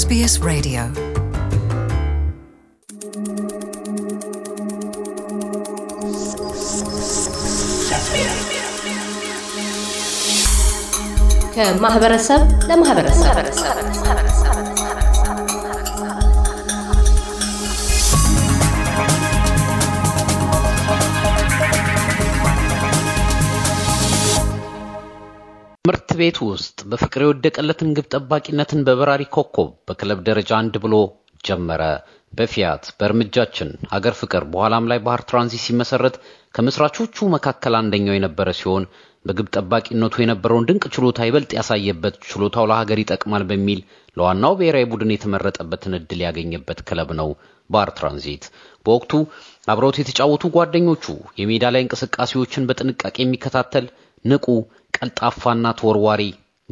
SBS Radio ከማህበረሰብ ለማህበረሰብ ትምህርት ቤት ውስጥ በፍቅር የወደቀለትን ግብ ጠባቂነትን በበራሪ ኮከብ በክለብ ደረጃ አንድ ብሎ ጀመረ። በፊያት በእርምጃችን ሀገር ፍቅር በኋላም ላይ ባህር ትራንዚት ሲመሰረት ከመስራቾቹ መካከል አንደኛው የነበረ ሲሆን በግብ ጠባቂነቱ የነበረውን ድንቅ ችሎታ ይበልጥ ያሳየበት፣ ችሎታው ለሀገር ይጠቅማል በሚል ለዋናው ብሔራዊ ቡድን የተመረጠበትን እድል ያገኘበት ክለብ ነው ባህር ትራንዚት። በወቅቱ አብረውት የተጫወቱ ጓደኞቹ የሜዳ ላይ እንቅስቃሴዎችን በጥንቃቄ የሚከታተል ንቁ፣ ቀልጣፋና ተወርዋሪ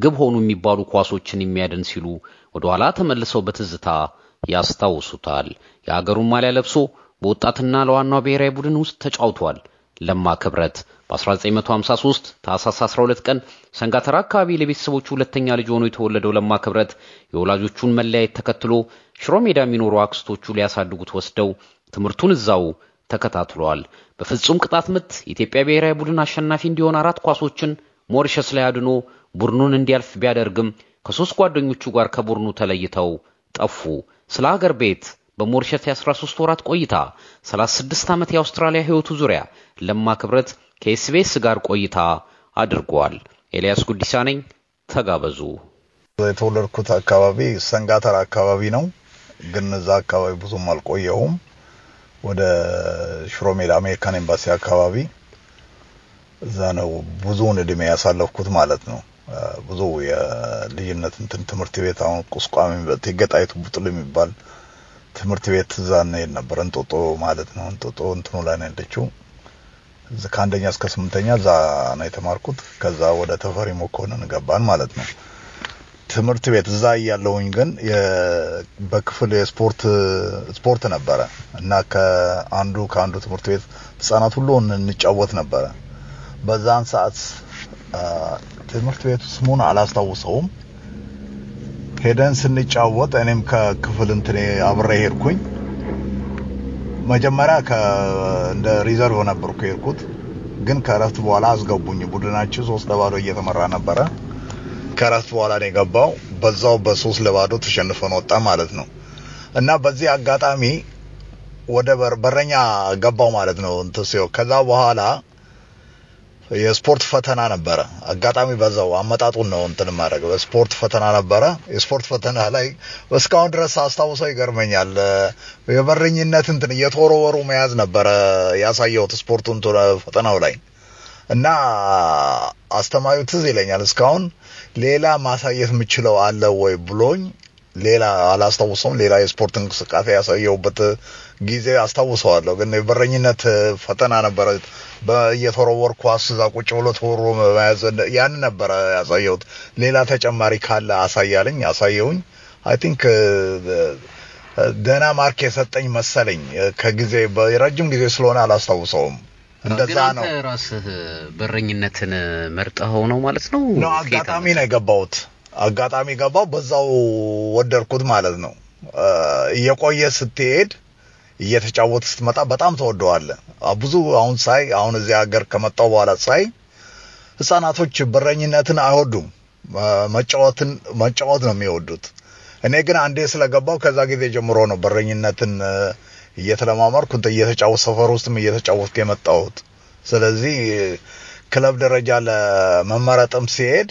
ግብ ሆኑ የሚባሉ ኳሶችን የሚያድን ሲሉ ወደ ኋላ ተመልሰው በትዝታ ያስታውሱታል። የአገሩን ማሊያ ለብሶ በወጣትና ለዋናው ብሔራዊ ቡድን ውስጥ ተጫውቷል። ለማ ክብረት በ1953 ታህሳስ 12 ቀን ሰንጋተራ አካባቢ ለቤተሰቦቹ ሁለተኛ ልጅ ሆኖ የተወለደው ለማ ክብረት የወላጆቹን መለያየት ተከትሎ ሽሮ ሜዳ የሚኖሩ አክስቶቹ ሊያሳድጉት ወስደው ትምህርቱን እዛው ተከታትሏል። በፍጹም ቅጣት ምት የኢትዮጵያ ብሔራዊ ቡድን አሸናፊ እንዲሆን አራት ኳሶችን ሞሪሸስ ላይ አድኖ ቡድኑን እንዲያልፍ ቢያደርግም ከሶስት ጓደኞቹ ጋር ከቡድኑ ተለይተው ጠፉ። ስለ ሀገር ቤት በሞርሸት የ13 ወራት ቆይታ 36 ዓመት የአውስትራሊያ ሕይወቱ ዙሪያ ለማ ክብረት ከኤስቢኤስ ጋር ቆይታ አድርጓል። ኤልያስ ጉዲሳ ነኝ። ተጋበዙ። የተወለድኩት አካባቢ ሰንጋተር አካባቢ ነው፣ ግን እዛ አካባቢ ብዙም አልቆየሁም። ወደ ሽሮሜዳ አሜሪካን ኤምባሲ አካባቢ እዛ ነው ብዙውን እድሜ ያሳለፍኩት ማለት ነው። ብዙ የልዩነት እንትን ትምህርት ቤት አሁን ቁስቋሚ የገጣይቱ ቡጥል የሚባል ትምህርት ቤት እዛ እንሄድ ነበር። እንጦጦ ማለት ነው። እንጦጦ እንትኑ ላይ ነው ያለችው። ከአንደኛ እስከ ስምንተኛ እዛ ነው የተማርኩት። ከዛ ወደ ተፈሪ መኮንን ገባን ማለት ነው ትምህርት ቤት እዛ እያለሁኝ ግን በክፍል የስፖርት ስፖርት ነበረ እና ከአንዱ ከአንዱ ትምህርት ቤት ህጻናት ሁሉ እንጫወት ነበረ በዛን ሰዓት ትምህርት ቤቱ ስሙን አላስታውሰውም። ሄደን ስንጫወት እኔም ከክፍል እንትን አብሬ ሄድኩኝ። መጀመሪያ እንደ ሪዘርቭ ነበርኩ ሄድኩት፣ ግን ከእረፍት በኋላ አስገቡኝ። ቡድናችን ሶስት ለባዶ እየተመራ ነበረ። ከእረፍት በኋላ ነው የገባው። በዛው በሶስት ለባዶ ተሸንፈን ወጣ ማለት ነው። እና በዚህ አጋጣሚ ወደ በረኛ ገባው ማለት ነው። እንትን ሲሆን ከዛ በኋላ የስፖርት ፈተና ነበረ። አጋጣሚ በዛው አመጣጡን ነው እንትን ማድረግ በስፖርት ፈተና ነበረ። የስፖርት ፈተና ላይ እስካሁን ድረስ አስታውሰው ይገርመኛል። የበረኝነት እንትን የተወረወሩ መያዝ ነበረ ያሳየሁት ስፖርቱን ፈተናው ላይ እና አስተማሪው ትዝ ይለኛል እስካሁን ሌላ ማሳየት የምችለው አለ ወይ ብሎኝ ሌላ አላስታውሰውም። ሌላ የስፖርት እንቅስቃሴ ያሳየውበት ጊዜ አስታውሰዋለሁ። ግን የበረኝነት ፈተና ነበረ። በየተወረወር ኳስ እዛ ቁጭ ብሎ ተወሮ መያዝ ያን ነበረ ያሳየሁት። ሌላ ተጨማሪ ካለ አሳያለኝ አሳየውኝ። አይ ቲንክ ደህና ማርክ የሰጠኝ መሰለኝ። ከጊዜ ረጅም ጊዜ ስለሆነ አላስታውሰውም። እንደዛ ነው። ራስህ በረኝነትን መርጠኸው ነው ማለት ነው? አጋጣሚ ነው የገባሁት አጋጣሚ ገባው፣ በዛው ወደድኩት ማለት ነው። እየቆየ ስትሄድ እየተጫወት ስትመጣ በጣም ተወደዋለ። ብዙ አሁን ሳይ አሁን እዚህ ሀገር ከመጣው በኋላ ሳይ ህጻናቶች በረኝነትን አይወዱም፣ መጫወትን መጫወት ነው የሚወዱት። እኔ ግን አንዴ ስለገባው ከዛ ጊዜ ጀምሮ ነው በረኝነትን እየተለማመርኩ እየተጫወት ሰፈር ውስጥም እየተጫወትኩ የመጣሁት። ስለዚህ ክለብ ደረጃ ለመመረጥም ሲሄድ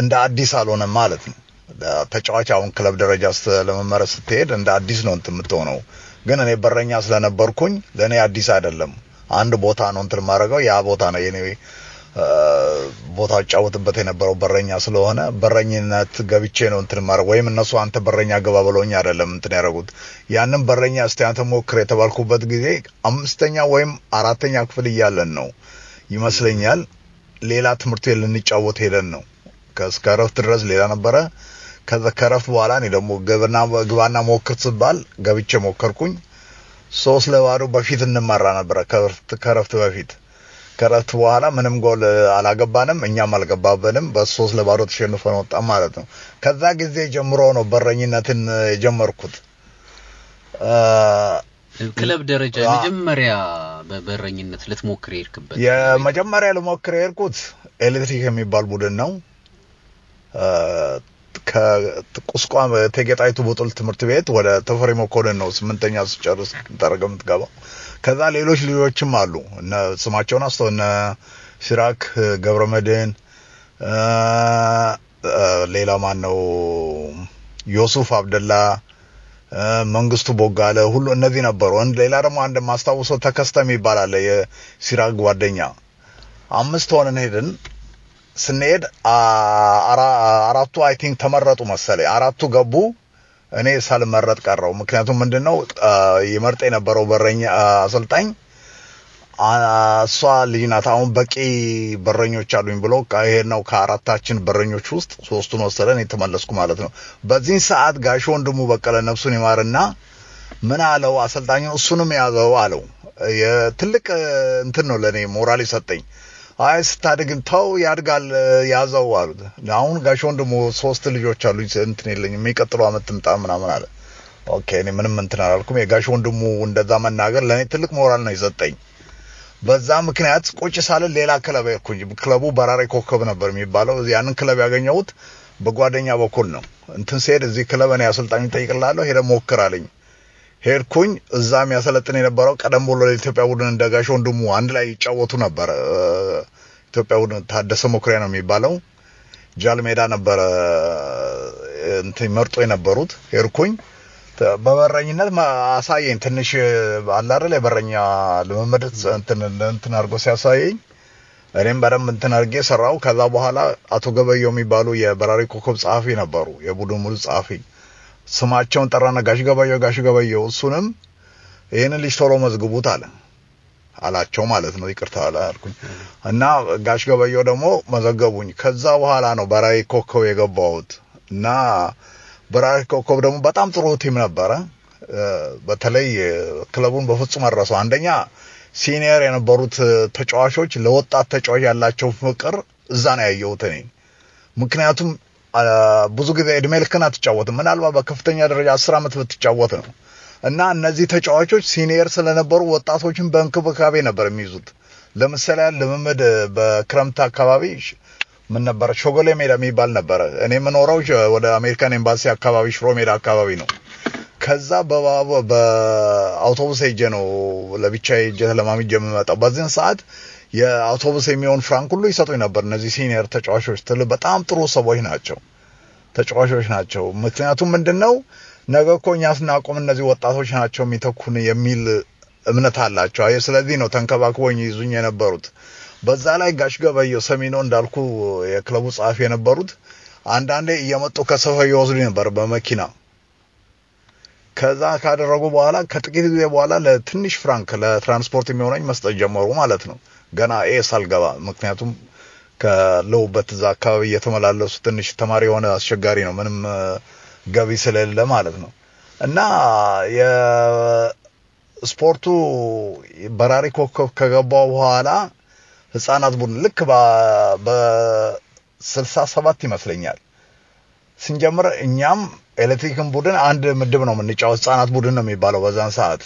እንደ አዲስ አልሆነም ማለት ነው። ተጫዋች አሁን ክለብ ደረጃ ለመመረስ ስትሄድ እንደ አዲስ ነው እንትን የምትሆነው። ግን እኔ በረኛ ስለነበርኩኝ ለእኔ አዲስ አይደለም። አንድ ቦታ ነው እንትን ማድረገው ያ ቦታ ነው የኔ ቦታ እጫወትበት የነበረው በረኛ ስለሆነ በረኝነት ገብቼ ነው እንትን ማድረግ ወይም እነሱ አንተ በረኛ ገባ ብሎኝ አይደለም እንትን ያደረጉት። ያንን በረኛ እስቲ አንተ ሞክር የተባልኩበት ጊዜ አምስተኛ ወይም አራተኛ ክፍል እያለን ነው ይመስለኛል። ሌላ ትምህርት ልንጫወት ሄደን ነው ከእረፍት ድረስ ሌላ ነበረ። ከዛ ከረፍት በኋላ እኔ ደግሞ ግባና ሞክር ስባል ገብቼ ሞከርኩኝ። ሶስት ለባዶ በፊት እንመራ ነበረ ከረፍት በፊት። ከረፍት በኋላ ምንም ጎል አላገባንም፣ እኛም አልገባብንም። በሶስት ለባዶ ተሸንፈን ወጣም ማለት ነው። ከዛ ጊዜ ጀምሮ ነው በረኝነትን የጀመርኩት። ክለብ ደረጃ መጀመሪያ በበረኝነት ልትሞክር የሄድክበት? የመጀመሪያ ልሞክር የሄድኩት ኤሌክትሪክ የሚባል ቡድን ነው። ከቁስቋም ቴጌጣይቱ ቦጦል ትምህርት ቤት ወደ ተፈሪ መኮንን ነው ስምንተኛ ስጨርስ ጠረገ የምትገባው። ከዛ ሌሎች ልጆችም አሉ ስማቸውን አስተው እነ ሲራክ ገብረመድህን ሌላ ማን ነው ዮሱፍ አብደላ መንግስቱ ቦጋለ ሁሉ እነዚህ ነበሩ። ሌላ ደግሞ አንድ ማስታውሰው ተከስተም ይባላል የሲራክ ጓደኛ። አምስት ሆነን ሄድን። ስንሄድ አራቱ አይ ቲንክ ተመረጡ መሰለኝ። አራቱ ገቡ፣ እኔ ሳልመረጥ ቀረው። ምክንያቱም ምንድነው ይመርጥ የነበረው በረኛ አሰልጣኝ እሷ ልጅ ናት። አሁን በቂ በረኞች አሉኝ ብሎ ነው ከአራታችን በረኞች ውስጥ ሶስቱን ወሰደን የተመለስኩ ማለት ነው። በዚህን ሰዓት ጋሽ ወንድሙ በቀለ ነፍሱን ይማርና ምን አለው አሰልጣኙ፣ እሱንም ያዘው አለው። ትልቅ እንትን ነው ለእኔ ሞራል ይሰጠኝ አይ ስታድግን ተው ያድጋል ያዘው አሉት። አሁን ጋሽ ወንድሙ ሶስት ልጆች አሉኝ እንትን የለኝም የሚቀጥለው አመት ትምጣ ምናምን አለ። ኦኬ እኔ ምንም እንትን አላልኩም። የጋሽ ወንድሙ እንደዛ መናገር ለእኔ ትልቅ ሞራል ነው የሰጠኝ። በዛ ምክንያት ቁጭ ሳለ ሌላ ክለብ ሄድኩኝ። ክለቡ በራሪ ኮከብ ነበር የሚባለው። ያንን ክለብ ያገኘሁት በጓደኛ በኩል ነው። እንትን ስሄድ እዚህ ክለብ እኔ አሰልጣኙን ጠይቅላለሁ ሄደ ሞክር አለኝ። ሄድኩኝ። እዛ የሚያሰለጥን የነበረው ቀደም ብሎ ለኢትዮጵያ ቡድን ደጋሽ ወንድሙ አንድ ላይ ይጫወቱ ነበር። ኢትዮጵያ ቡድን ታደሰ መኩሪያ ነው የሚባለው። ጃል ሜዳ ነበረ እንትን መርጦ የነበሩት ሄድኩኝ። በበረኝነት አሳየኝ። ትንሽ አላረ ላይ በረኛ ልምምድ እንትን አድርጎ ሲያሳየኝ እኔም በደንብ እንትን አድርጌ ሰራው። ከዛ በኋላ አቶ ገበየው የሚባሉ የበራሪ ኮከብ ጸሐፊ ነበሩ፣ የቡድን ሙሉ ጸሐፊ ስማቸውን ጠራና ጋሽ ገባየሁ ጋሽ ገባየሁ እሱንም ይህንን ልጅ ቶሎ መዝግቡት አለ አላቸው ማለት ነው። ይቅርታ አልኩኝ እና ጋሽ ገበየው ደግሞ መዘገቡኝ። ከዛ በኋላ ነው በራይ ኮከብ የገባሁት እና በራይ ኮከብ ደግሞ በጣም ጥሩ ቲም ነበረ። በተለይ ክለቡን በፍጹም አረሰው። አንደኛ ሲኒየር የነበሩት ተጫዋቾች ለወጣት ተጫዋች ያላቸው ፍቅር እዛ ነው ያየሁት እኔ ምክንያቱም ብዙ ጊዜ እድሜ ልክን አትጫወትም። ምናልባት በከፍተኛ ደረጃ አስር ዓመት ብትጫወት ነው እና እነዚህ ተጫዋቾች ሲኒየር ስለነበሩ ወጣቶችን በእንክብካቤ ነበር የሚይዙት። ለምሳሌ ልምምድ በክረምት አካባቢ ምን ነበረ ሾጎሌ ሜዳ የሚባል ነበረ። እኔ የምኖረው ወደ አሜሪካን ኤምባሲ አካባቢ ሽሮ ሜዳ አካባቢ ነው። ከዛ በአውቶቡስ ሄጄ ነው ለብቻ ሄጄ ለማምጄ የምመጣው በዚህን ሰዓት የአውቶቡስ የሚሆን ፍራንክ ሁሉ ይሰጡኝ ነበር። እነዚህ ሲኒየር ተጫዋቾች ትል በጣም ጥሩ ሰዎች ናቸው ተጫዋቾች ናቸው። ምክንያቱም ምንድነው ነገ እኮ እኛ ስናቆም እነዚህ ወጣቶች ናቸው የሚተኩን የሚል እምነት አላቸው። አየ ስለዚህ ነው ተንከባክቦኝ ይዙኝ የነበሩት። በዛ ላይ ጋሽ ገበየው ሰሚኖ እንዳልኩ የክለቡ ጸሐፊ የነበሩት አንዳንዴ እየመጡ ከሰፈር ይወስዱ ነበር በመኪና። ከዛ ካደረጉ በኋላ ከጥቂት ጊዜ በኋላ ለትንሽ ፍራንክ ለትራንስፖርት የሚሆነኝ መስጠት ጀመሩ ማለት ነው። ገና ኤስ አልገባ። ምክንያቱም ከለውበት እዛ አካባቢ እየተመላለሱ ትንሽ ተማሪ የሆነ አስቸጋሪ ነው፣ ምንም ገቢ ስለሌለ ማለት ነው። እና የስፖርቱ በራሪ ኮከብ ከገባው በኋላ ህጻናት ቡድን ልክ በስልሳ ሰባት ይመስለኛል ስንጀምር እኛም ኤሌክትሪክን ቡድን አንድ ምድብ ነው የምንጫወት። ህጻናት ቡድን ነው የሚባለው በዛን ሰዓት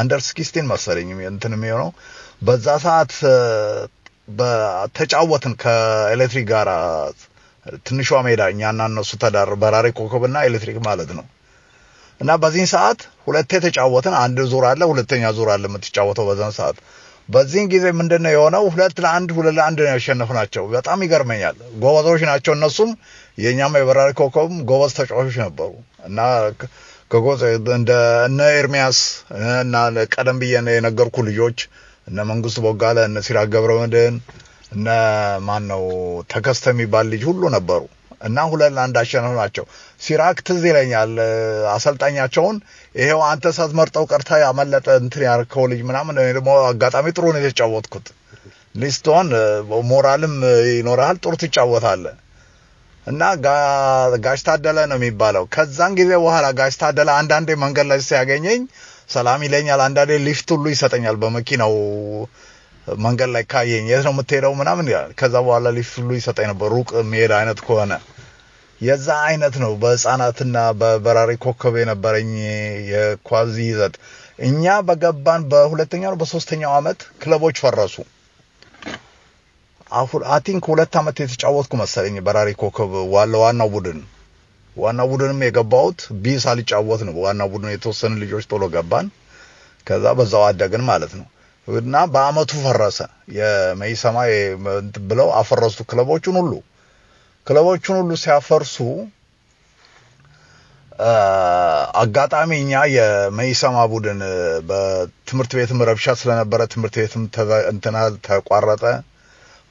አንደር ስክስቲን መሰለኝ እንትን የሚሆነው በዛ ሰዓት ተጫወትን ከኤሌክትሪክ ጋር ትንሿ ሜዳ እኛና እነሱ ተዳር በራሪ ኮከብና ኤሌክትሪክ ማለት ነው። እና በዚህን ሰዓት ሁለቴ ተጫወትን። አንድ ዙር አለ፣ ሁለተኛ ዙር አለ የምትጫወተው በዛን ሰዓት። በዚህን ጊዜ ምንድነው የሆነው? ሁለት ለአንድ ሁለት ለአንድ ነው ያሸነፍናቸው። በጣም ይገርመኛል። ጎበዞች ናቸው እነሱም፣ የእኛም የበራሪ ኮከብም ጎበዝ ተጫዋቾች ነበሩ እና ከጎበዝ እንደ እነ ኤርሚያስ እና ቀደም ብዬ የነገርኩ ልጆች እነ መንግስቱ ቦጋለ፣ እነ ሲራክ ገብረመድህን፣ እነ ማን ነው ተከስተ የሚባል ልጅ ሁሉ ነበሩ እና ሁለት ለአንድ አሸነፍ ናቸው። ሲራክ ትዝ ይለኛል አሰልጣኛቸውን ይሄው አንተ ሳትመርጠው ቀርታ ያመለጠ እንትን ያርከው ልጅ ምናምን ደግሞ አጋጣሚ ጥሩ ነው የተጫወትኩት ሊስቶን ሞራልም ይኖርሃል፣ ጥሩ ትጫወታለህ እና ጋሽ ታደለ ነው የሚባለው። ከዛን ጊዜ በኋላ ጋሽ ታደለ አንዳንዴ መንገድ ላይ ሲያገኘኝ ሰላም ይለኛል። አንዳንዴ ሊፍት ሁሉ ይሰጠኛል በመኪናው መንገድ ላይ ካየኝ የት ነው የምትሄደው ምናምን ይላል። ከዛ በኋላ ሊፍት ሁሉ ይሰጠኝ ነበር ሩቅ የሚሄድ አይነት ከሆነ የዛ አይነት ነው። በህፃናትና በበራሪ ኮከብ የነበረኝ የኳዚ ይዘት እኛ በገባን በሁለተኛ ነው በሶስተኛው አመት ክለቦች ፈረሱ። አሁን አይ ቲንክ ሁለት አመት የተጫወትኩ መሰለኝ በራሪ ኮከብ ዋለ ዋናው ቡድን ዋና ቡድንም የገባሁት ቢ ሳልጫወት ነው። ዋና ቡድን የተወሰኑ ልጆች ቶሎ ገባን፣ ከዛ በዛው አደግን ማለት ነው እና በአመቱ ፈረሰ። የመይሰማ ብለው አፈረሱ ክለቦቹን ሁሉ። ክለቦቹን ሁሉ ሲያፈርሱ አጋጣሚ እኛ የመይሰማ ቡድን በትምህርት ቤትም ረብሻ ስለነበረ ትምህርት ቤትም እንትና ተቋረጠ።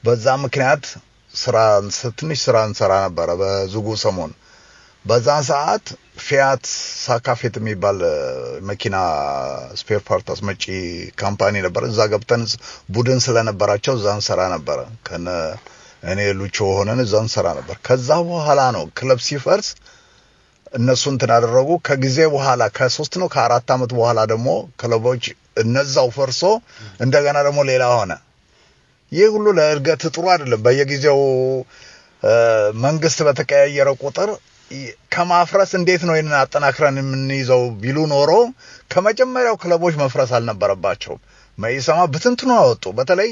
በዛ ምክንያት ስራ ትንሽ ስራ እንሰራ ነበረ በዝጉ ሰሞን በዛ ሰዓት ፊያት ሳካፌት የሚባል መኪና ስፔር ፓርት አስመጪ ካምፓኒ ነበር። እዛ ገብተን ቡድን ስለነበራቸው እዛ እንሰራ ነበረ። ከነ እኔ ሉቾ ሆነን እዛ እንሰራ ነበር። ከዛ በኋላ ነው ክለብ ሲፈርስ እነሱ እንትን አደረጉ። ከጊዜ በኋላ ከሶስት ነው ከአራት ዓመት በኋላ ደግሞ ክለቦች እነዛው ፈርሶ እንደገና ደግሞ ሌላ ሆነ። ይህ ሁሉ ለእድገት ጥሩ አይደለም። በየጊዜው መንግስት በተቀያየረ ቁጥር ከማፍረስ እንዴት ነው ይህንን አጠናክረን የምንይዘው ቢሉ ኖሮ ከመጀመሪያው ክለቦች መፍረስ አልነበረባቸውም። መኢሰማ ብትንትኑ አወጡ። በተለይ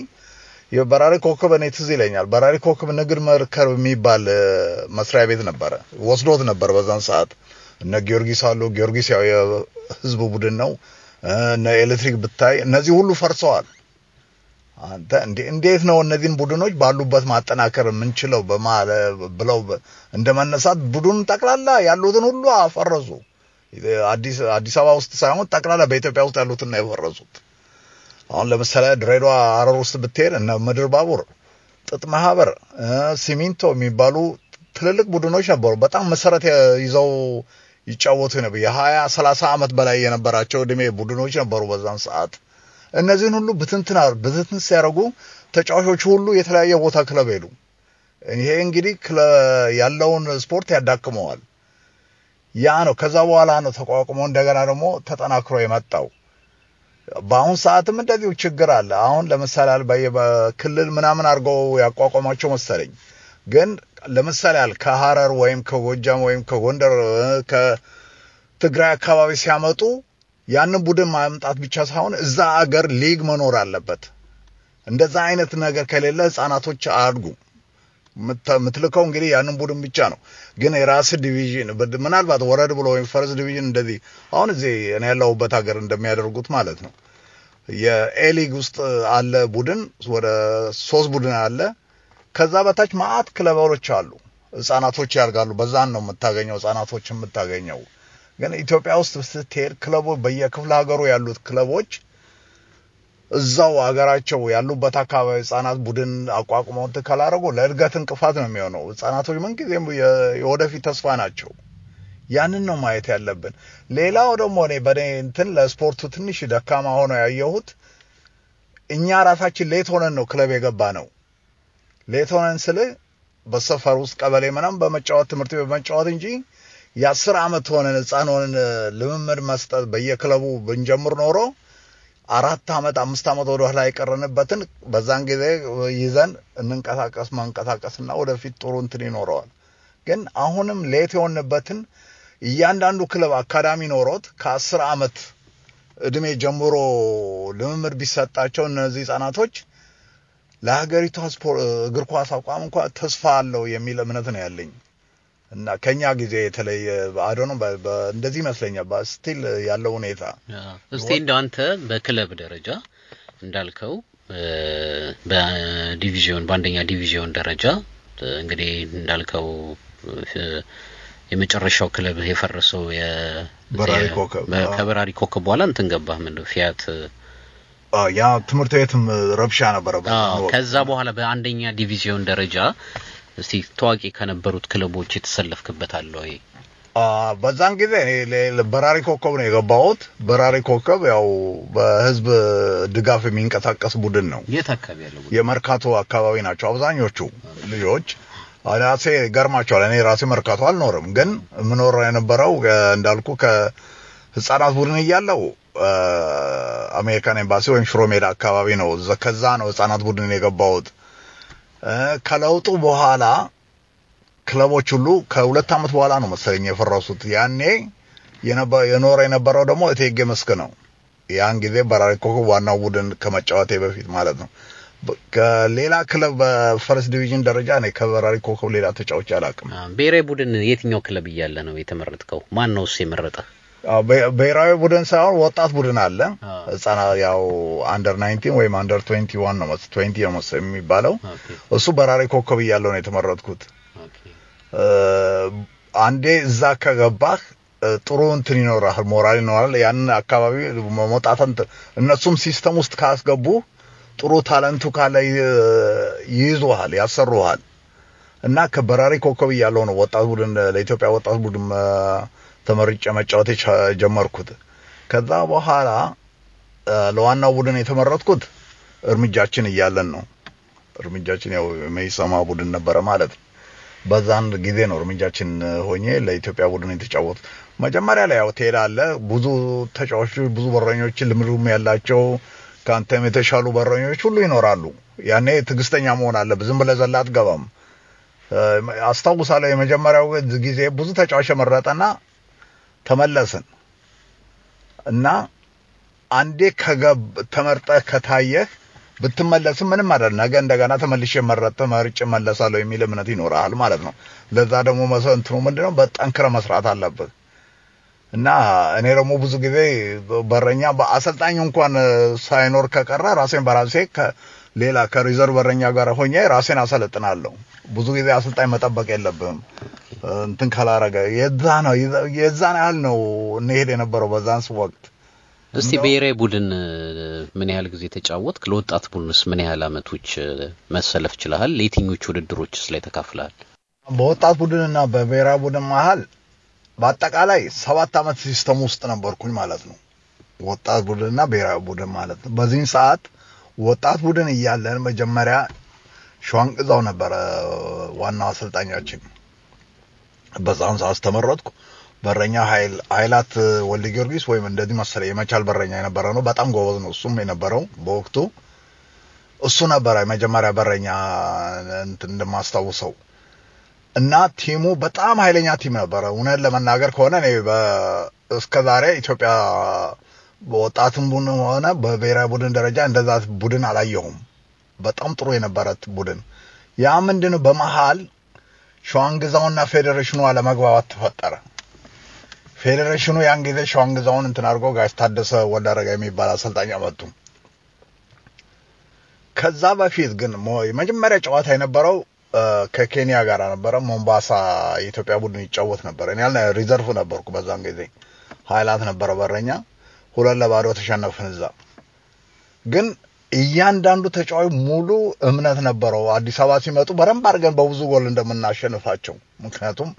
የበራሪ ኮከብ እኔ ትዝ ይለኛል። በራሪ ኮከብ ንግድ መርከብ የሚባል መስሪያ ቤት ነበረ፣ ወስዶት ነበር በዛን ሰዓት። እነ ጊዮርጊስ አሉ። ጊዮርጊስ ያው የህዝብ ቡድን ነው። እነ ኤሌክትሪክ ብታይ እነዚህ ሁሉ ፈርሰዋል። አንተ እንዴት ነው እነዚህን ቡድኖች ባሉበት ማጠናከር የምንችለው ብለው እንደመነሳት መነሳት ጠቅላላ ያሉትን ሁሉ አፈረሱ። አዲስ አበባ ውስጥ ሳይሆን ጠቅላላ በኢትዮጵያ ውስጥ ያሉትን ነው የፈረሱት። አሁን ለምሳሌ ድሬዳዋ አረር ውስጥ ብትሄድ እነ ምድር ባቡር፣ ጥጥ ማህበር፣ ሲሚንቶ የሚባሉ ትልልቅ ቡድኖች ነበሩ። በጣም መሰረት ይዘው ይጫወቱ ነበር። የሀያ ሰላሳ ዓመት በላይ የነበራቸው እድሜ ቡድኖች ነበሩ በዛን ሰዓት። እነዚህን ሁሉ ብትንትና ብትንትን ሲያደርጉ ተጫዋቾች ሁሉ የተለያየ ቦታ ክለብ ሄዱ። ይሄ እንግዲህ ያለውን ስፖርት ያዳክመዋል። ያ ነው። ከዛ በኋላ ነው ተቋቁሞ እንደገና ደግሞ ተጠናክሮ የመጣው። በአሁን ሰዓትም እንደዚሁ ችግር አለ። አሁን ለምሳሌ በክልል ምናምን አድርገው ያቋቋማቸው መሰለኝ። ግን ለምሳሌ አል ከሐረር ወይም ከጎጃም ወይም ከጎንደር ከትግራይ አካባቢ ሲያመጡ ያንን ቡድን ማምጣት ብቻ ሳይሆን እዛ አገር ሊግ መኖር አለበት። እንደዛ አይነት ነገር ከሌለ ህጻናቶች አድጉ ምትልከው እንግዲህ ያንን ቡድን ብቻ ነው። ግን የራስ ዲቪዥን ምናልባት ወረድ ብሎ ወይም ፈረስ ዲቪዥን እንደዚህ አሁን እዚህ እኔ ያለሁበት ሀገር እንደሚያደርጉት ማለት ነው። የኤሊግ ውስጥ አለ ቡድን ወደ ሶስት ቡድን አለ። ከዛ በታች ማአት ክለበሮች አሉ። ህጻናቶች ያርጋሉ። በዛን ነው የምታገኘው ህጻናቶች የምታገኘው ግን ኢትዮጵያ ውስጥ ስትሄድ ክለቦች በየክፍለ ሀገሩ ያሉት ክለቦች እዛው ሀገራቸው ያሉበት አካባቢ ህጻናት ቡድን አቋቁመው ካላረጉ ለእድገት እንቅፋት ነው የሚሆነው። ህጻናቶች ምንጊዜም የወደፊት ተስፋ ናቸው። ያንን ነው ማየት ያለብን። ሌላው ደግሞ እኔ በእኔ እንትን ለስፖርቱ ትንሽ ደካማ ሆኖ ያየሁት እኛ ራሳችን ሌት ሆነን ነው ክለብ የገባ ነው። ሌት ሆነን ስል በሰፈር ውስጥ ቀበሌ ምናምን በመጫወት ትምህርት ቤት በመጫወት እንጂ የአስር ዓመት ሆነን ህፃን ሆነን ልምምድ መስጠት በየክለቡ ብንጀምር ኖሮ አራት ዓመት አምስት ዓመት ወደ ኋላ የቀረንበትን በዛን ጊዜ ይዘን እንንቀሳቀስ ማንቀሳቀስና ወደፊት ጥሩ እንትን ይኖረዋል። ግን አሁንም ሌት የሆንበትን እያንዳንዱ ክለብ አካዳሚ ኖሮት ከአስር ዓመት እድሜ ጀምሮ ልምምድ ቢሰጣቸው እነዚህ ህጻናቶች ለሀገሪቷ እግር ኳስ አቋም እንኳ ተስፋ አለው የሚል እምነት ነው ያለኝ። እና ከኛ ጊዜ የተለየ አዶነ እንደዚህ ይመስለኛል። ስቲል ያለው ሁኔታ እስቲ እንደ አንተ በክለብ ደረጃ እንዳልከው በዲቪዥን በአንደኛ ዲቪዥን ደረጃ እንግዲህ እንዳልከው የመጨረሻው ክለብ የፈረሰው የበራሪ ኮከብ ከበራሪ ኮከብ በኋላ እንትን ገባህ ምንድን ፊያት ያ ትምህርት ቤትም ረብሻ ነበረ። ከዛ በኋላ በአንደኛ ዲቪዥን ደረጃ እስቲ ታዋቂ ከነበሩት ክለቦች የተሰለፍክበት አለ ወይ? በዛን ጊዜ እኔ በራሪ ኮከብ ነው የገባሁት። በራሪ ኮከብ ያው በህዝብ ድጋፍ የሚንቀሳቀስ ቡድን ነው። የት አካባቢ ቡድን? የመርካቶ አካባቢ ናቸው አብዛኞቹ ልጆች። ራሴ ገርማቸዋል። እኔ ራሴ መርካቶ አልኖርም፣ ግን ምኖር የነበረው እንዳልኩ ከህፃናት ቡድን እያለው አሜሪካን ኤምባሲ ወይም ሽሮ ሜዳ አካባቢ ነው። ከዛ ነው ህፃናት ቡድን የገባሁት። ከለውጡ በኋላ ክለቦች ሁሉ ከሁለት ዓመት በኋላ ነው መሰለኝ የፈረሱት። ያኔ የኖረ የነበረው ደግሞ እቴጌ መስክ ነው። ያን ጊዜ በራሪ ኮከብ ዋናው ቡድን ከመጫወቴ በፊት ማለት ነው። ከሌላ ክለብ በፈርስት ዲቪዥን ደረጃ እኔ ከበራሪ ኮከብ ሌላ ተጫዋች አላውቅም። ብሔራዊ ቡድን የትኛው ክለብ እያለ ነው የተመረጥከው? ማን ነው እሱ የመረጠ? ብሔራዊ ቡድን ሳይሆን ወጣት ቡድን አለ። ህጻናት ያው አንደር 19 ወይም አንደር 21 ነው መሰለኝ 20 ነው መሰለኝ የሚባለው እሱ በራሪ ኮከብ እያለሁ ነው የተመረጥኩት። አንዴ እዛ ከገባህ ጥሩ እንትን ይኖራል፣ ሞራል ይኖራል። ያንን አካባቢ መውጣት እነሱም ሲስተም ውስጥ ካስገቡ ጥሩ ታለንቱ ካለ ይይዙሃል፣ ያሰሩሃል እና ከበራሪ ኮከብ እያለሁ ነው ወጣት ቡድን ለኢትዮጵያ ወጣት ቡድን ተመርጬ መጫወት ጀመርኩት። ከዛ በኋላ ለዋናው ቡድን የተመረጥኩት እርምጃችን እያለን ነው። እርምጃችን ያው የመይሰማ ቡድን ነበረ ማለት ነው። በዛን ጊዜ ነው እርምጃችን ሆኜ ለኢትዮጵያ ቡድን የተጫወቱት። መጀመሪያ ላይ ያው ትሄዳለህ። ብዙ ተጫዋቾች፣ ብዙ በረኞች ልምዱም ያላቸው ከአንተም የተሻሉ በረኞች ሁሉ ይኖራሉ። ያኔ ትዕግስተኛ መሆን አለብህ። ዝም ብለህ ዘላ አትገባም። አስታውሳለሁ የመጀመሪያው ጊዜ ብዙ ተጫዋች የመረጠና ተመለስን እና አንዴ ከገብ ተመርጠህ ከታየህ ብትመለስም ምንም አይደል። ነገ እንደገና ተመልሼ መረጥ ተመርጬ መለሳለሁ የሚል እምነት ይኖርሃል ማለት ነው። ለዛ ደግሞ መሰንትኑ ምንድነው በጠንክረህ መስራት አለብህ። እና እኔ ደግሞ ብዙ ጊዜ በረኛ በአሰልጣኝ እንኳን ሳይኖር ከቀረ ራሴን በራሴ ሌላ ከሪዘርቭ በረኛ ጋር ሆኜ ራሴን አሰለጥናለሁ። ብዙ ጊዜ አሰልጣኝ መጠበቅ የለብም እንትን ካላረገ የዛ ነው የዛን ያህል ነው እንሄድ የነበረው በዛንስ ወቅት። እስቲ ብሔራዊ ቡድን ምን ያህል ጊዜ ተጫወትክ? ለወጣት ቡድንስ ምን ያህል አመቶች መሰለፍ ችለሃል? ለየትኞቹ ውድድሮችስ ላይ ተካፍለሃል? በወጣት ቡድንና በብሔራዊ ቡድን መሀል በአጠቃላይ ሰባት አመት ሲስተም ውስጥ ነበርኩኝ ማለት ነው። ወጣት ቡድንና ብሔራዊ ቡድን ማለት ነው። በዚህን ሰዓት ወጣት ቡድን እያለን መጀመሪያ ሸዋንቅዛው ነበረ ዋናው አሰልጣኛችን። በዛን ሰዓት ተመረጥኩ። በረኛ ኃይላት ወልደ ጊዮርጊስ ወይም እንደዚህ መሰለ የመቻል በረኛ የነበረ ነው። በጣም ጎበዝ ነው እሱም የነበረው በወቅቱ እሱ ነበረ የመጀመሪያ በረኛ እንትን እንደማስታውሰው እና ቲሙ በጣም ኃይለኛ ቲም ነበረ። እውነት ለመናገር ከሆነ እኔ ዛሬ ኢትዮጵያ በወጣትም ቡድን ሆነ በብሔራዊ ቡድን ደረጃ እንደዛ ቡድን አላየሁም። በጣም ጥሩ የነበረት ቡድን ያ ምንድን ነው በመሃል ሸዋንግዛውና ፌዴሬሽኑ አለመግባባት ተፈጠረ። ፌዴሬሽኑ ያን ጊዜ ሸዋንግዛውን እንትን አድርጎ ጋሽ ታደሰ ወዳረጋ የሚባል አሰልጣኝ አመጡ። ከዛ በፊት ግን የመጀመሪያ ጨዋታ የነበረው ከኬንያ ጋር ነበረ። ሞምባሳ የኢትዮጵያ ቡድን ይጫወት ነበር። እኔ ያለ ሪዘርቭ ነበርኩ በዛን ጊዜ። ሀይላት ነበረ በረኛ። ሁለት ለባዶ ተሸነፍን። እዛ ግን እያንዳንዱ ተጫዋች ሙሉ እምነት ነበረው አዲስ አበባ ሲመጡ በደንብ አድርገን በብዙ ጎል እንደምናሸንፋቸው። ምክንያቱም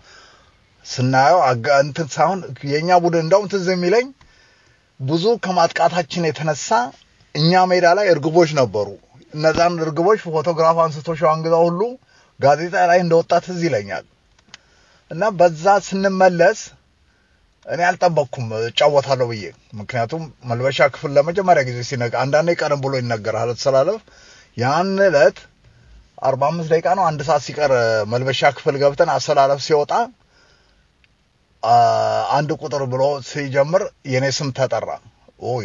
ስናየው እንትን ሳይሆን የእኛ ቡድን እንደውም ትዝ የሚለኝ ብዙ ከማጥቃታችን የተነሳ እኛ ሜዳ ላይ እርግቦች ነበሩ። እነዛን እርግቦች ፎቶግራፍ አንስቶ ሸዋንግዛ ሁሉ ጋዜጣ ላይ እንደወጣ ትዝ ይለኛል እና በዛ ስንመለስ እኔ አልጠበቅኩም እጫወታለሁ ብዬ። ምክንያቱም መልበሻ ክፍል ለመጀመሪያ ጊዜ ሲነቃ አንዳንዴ ቀደም ብሎ ይነገራል አስተላለፍ። ያን ዕለት አርባ አምስት ደቂቃ ነው አንድ ሰዓት ሲቀር መልበሻ ክፍል ገብተን አሰላለፍ ሲወጣ አንድ ቁጥር ብሎ ሲጀምር የእኔ ስም ተጠራ።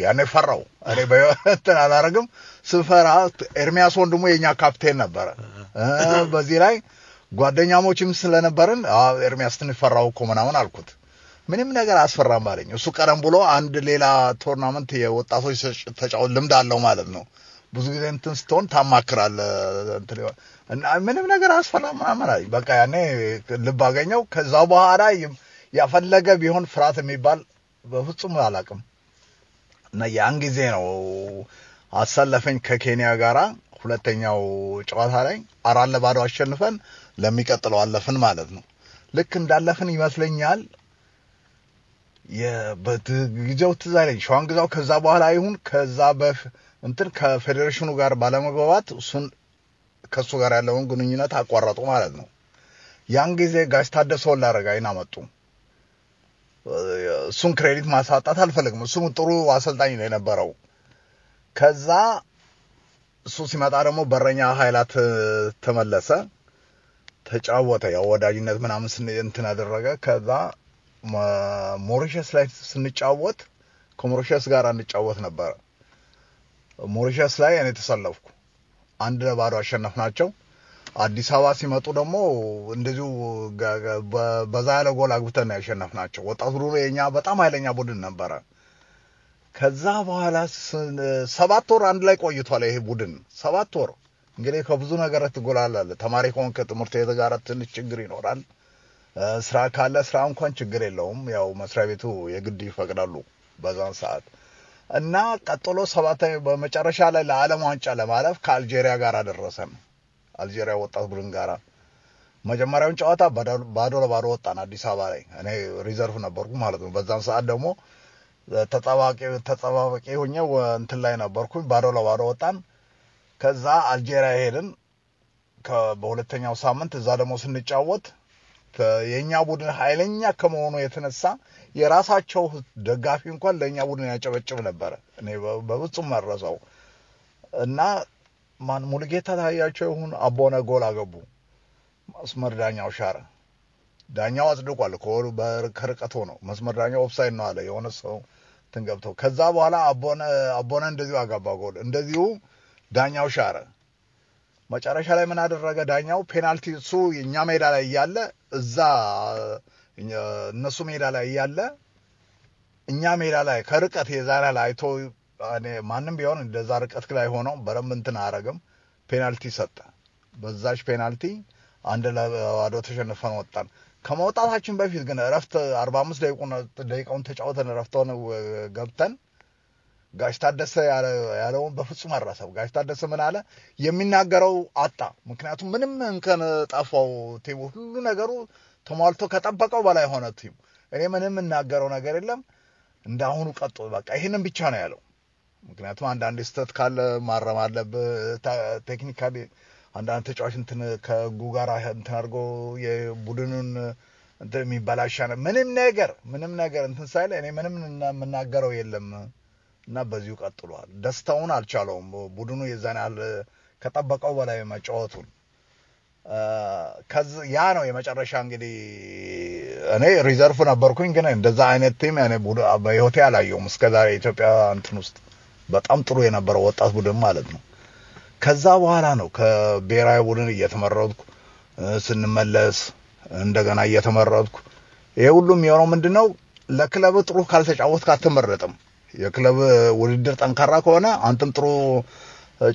ያኔ ፈራው። እኔ በትን አላረግም ስፈራ ኤርሚያስ ወንድሙ የኛ ካፕቴን ነበረ። በዚህ ላይ ጓደኛሞችም ስለነበርን ኤርሚያስ ትንሽ ፈራው እኮ ምናምን አልኩት። ምንም ነገር አስፈራም አለኝ። እሱ ቀደም ብሎ አንድ ሌላ ቶርናመንት የወጣቶች ተጫወት ልምድ አለው ማለት ነው። ብዙ ጊዜ እንትን ስትሆን ታማክራል እና ምንም ነገር አስፈራ ምናምን አለኝ። በቃ ያኔ ልብ አገኘው። ከዛ በኋላ ያፈለገ ቢሆን ፍርሃት የሚባል በፍጹም አላውቅም። እና ያን ጊዜ ነው አሰለፈኝ ከኬንያ ጋራ ሁለተኛው ጨዋታ ላይ አራት ለባዶ አሸንፈን ለሚቀጥለው አለፍን ማለት ነው። ልክ እንዳለፍን ይመስለኛል በጊዜው ትዛ ላይ ሸዋን ግዛው ከዛ በኋላ ይሁን ከዛ እንትን ከፌዴሬሽኑ ጋር ባለመግባባት እሱን ከእሱ ጋር ያለውን ግንኙነት አቋረጡ ማለት ነው። ያን ጊዜ ጋሽ ታደሰውን ላረጋይን አመጡ። እሱን ክሬዲት ማሳጣት አልፈልግም። እሱም ጥሩ አሰልጣኝ ነው የነበረው። ከዛ እሱ ሲመጣ ደግሞ በረኛ ኃይላት ተመለሰ፣ ተጫወተ። ያው ወዳጅነት ምናምን እንትን አደረገ። ከዛ ሞሪሸስ ላይ ስንጫወት ከሞሪሸስ ጋር እንጫወት ነበረ። ሞሪሸስ ላይ እኔ ተሰለፍኩ። አንድ ለባዶ አሸነፍናቸው። አዲስ አበባ ሲመጡ ደግሞ እንደዚሁ በዛ ያለ ጎል አግብተን ነው ያሸነፍናቸው። ወጣቱ ዱሮ የኛ በጣም ኃይለኛ ቡድን ነበረ። ከዛ በኋላ ሰባት ወር አንድ ላይ ቆይቷል ይሄ ቡድን ሰባት ወር። እንግዲህ ከብዙ ነገር ትጎላለህ። ተማሪ ከሆንክ ከትምህርት ቤት ጋር ትንሽ ችግር ይኖራል። ስራ ካለ ስራ እንኳን ችግር የለውም። ያው መስሪያ ቤቱ የግድ ይፈቅዳሉ በዛን ሰዓት እና ቀጥሎ ሰባተ በመጨረሻ ላይ ለዓለም ዋንጫ ለማለፍ ከአልጄሪያ ጋር ደረሰን። አልጄሪያ ወጣት ቡድን ጋር መጀመሪያውን ጨዋታ ባዶ ለባዶ ወጣን አዲስ አበባ ላይ። እኔ ሪዘርቭ ነበርኩ ማለት ነው። በዛን ሰዓት ደግሞ ተጠባባቂ ሆኜ እንትን ላይ ነበርኩኝ። ባዶ ለባዶ ወጣን። ከዛ አልጄሪያ ሄድን በሁለተኛው ሳምንት እዛ ደግሞ ስንጫወት የእኛ ቡድን ኃይለኛ ከመሆኑ የተነሳ የራሳቸው ደጋፊ እንኳን ለእኛ ቡድን ያጨበጭብ ነበረ። እኔ በፍጹም መረሰው እና ማን ሙሉጌታ ታያቸው ይሁን አቦነ ጎል አገቡ። መስመር ዳኛው ሻረ። ዳኛው አጽድቋል። ከርቀት ሆኖ መስመር ዳኛው ኦፍሳይድ ነው አለ የሆነ ሰው ትንገብተው። ከዛ በኋላ አቦነ እንደዚሁ አጋባ ጎል። እንደዚሁ ዳኛው ሻረ። መጨረሻ ላይ ምን አደረገ ዳኛው? ፔናልቲ እሱ የእኛ ሜዳ ላይ እያለ እዛ እነሱ ሜዳ ላይ እያለ እኛ ሜዳ ላይ ከርቀት የዛን ላይ አይቶ ማንም ቢሆን እንደዛ ርቀት ላይ ሆኖ በረም እንትን አያረግም። ፔናልቲ ሰጠ። በዛች ፔናልቲ አንድ ለባዶ ተሸንፈን ወጣን። ከመውጣታችን በፊት ግን እረፍት አርባ አምስት ደቂቃውን ተጫውተን እረፍተውን ገብተን ጋሽ ታደሰ ያለውን በፍጹም አራሰብ ጋሽ ታደሰ ምን አለ የሚናገረው አጣ። ምክንያቱም ምንም እንከን ጠፋው። ቲሙ ሁሉ ነገሩ ተሟልቶ ከጠበቀው በላይ ሆነ። ቲሙ እኔ ምንም እናገረው ነገር የለም እንዳሁኑ ቀጦ በቃ ይህንን ብቻ ነው ያለው። ምክንያቱም አንዳንድ ስተት ካለ ማረም አለብህ። ቴክኒካሊ አንዳንድ ተጫዋች እንትን ከጉ ጋር እንትን አድርጎ የቡድኑን እንትን የሚበላሻ ምንም ነገር ምንም ነገር እንትን ሳይለ እኔ ምንም የምናገረው የለም እና በዚሁ ቀጥሏል። ደስታውን አልቻለውም። ቡድኑ የዛን ያህል ከጠበቀው በላይ መጫወቱን ያ ነው የመጨረሻ እንግዲህ እኔ ሪዘርቭ ነበርኩኝ፣ ግን እንደዛ አይነት ቲም በህይወቴ አላየውም እስከዛሬ ኢትዮጵያ እንትን ውስጥ በጣም ጥሩ የነበረው ወጣት ቡድን ማለት ነው። ከዛ በኋላ ነው ከብሔራዊ ቡድን እየተመረጥኩ ስንመለስ እንደገና እየተመረጥኩ ይሄ ሁሉም የሆነው ምንድን ነው? ለክለብ ጥሩ ካልተጫወትክ አትመረጥም። የክለብ ውድድር ጠንካራ ከሆነ አንተም ጥሩ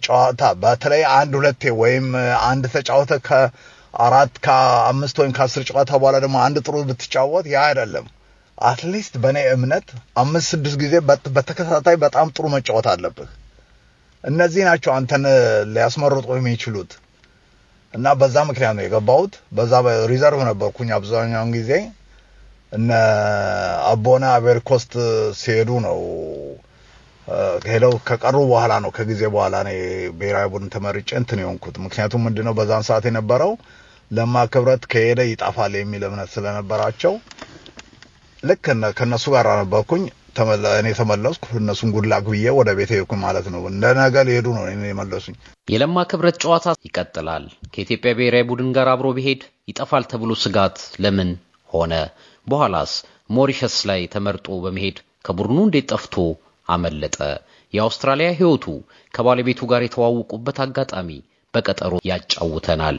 ጨዋታ በተለይ አንድ ሁለቴ ወይም አንድ ተጫወተ ከአራት ከአምስት ወይም ከአስር ጨዋታ በኋላ ደግሞ አንድ ጥሩ ብትጫወት ያ አይደለም። አትሊስት በእኔ እምነት አምስት ስድስት ጊዜ በተከታታይ በጣም ጥሩ መጫወት አለብህ። እነዚህ ናቸው አንተን ሊያስመርጡ የሚችሉት እና በዛ ምክንያት ነው የገባሁት። በዛ ሪዘርቭ ነበርኩኝ አብዛኛውን ጊዜ እነ አቦና አቤርኮስት ሲሄዱ ነው ሄደው ከቀሩ በኋላ ነው ከጊዜ በኋላ ነው ብሔራዊ ቡድን ተመርጬ እንትን የሆንኩት። ምክንያቱም ምንድነው በዛን ሰዓት የነበረው ለማ ክብረት ከሄደ ይጣፋል የሚል እምነት ስለነበራቸው ልክ ከእነሱ ጋር ነበርኩኝ። እኔ ተመለስኩ፣ እነሱን ጉድላክ ብዬ ወደ ቤት ሄድኩኝ ማለት ነው። እንደ ነገ ሊሄዱ ነው እኔ የመለሱኝ። የለማ ክብረት ጨዋታ ይቀጥላል። ከኢትዮጵያ ብሔራዊ ቡድን ጋር አብሮ ቢሄድ ይጠፋል ተብሎ ስጋት ለምን ሆነ? በኋላስ ሞሪሸስ ላይ ተመርጦ በመሄድ ከቡድኑ እንዴት ጠፍቶ አመለጠ? የአውስትራሊያ ሕይወቱ ከባለቤቱ ጋር የተዋወቁበት አጋጣሚ በቀጠሮ ያጫውተናል።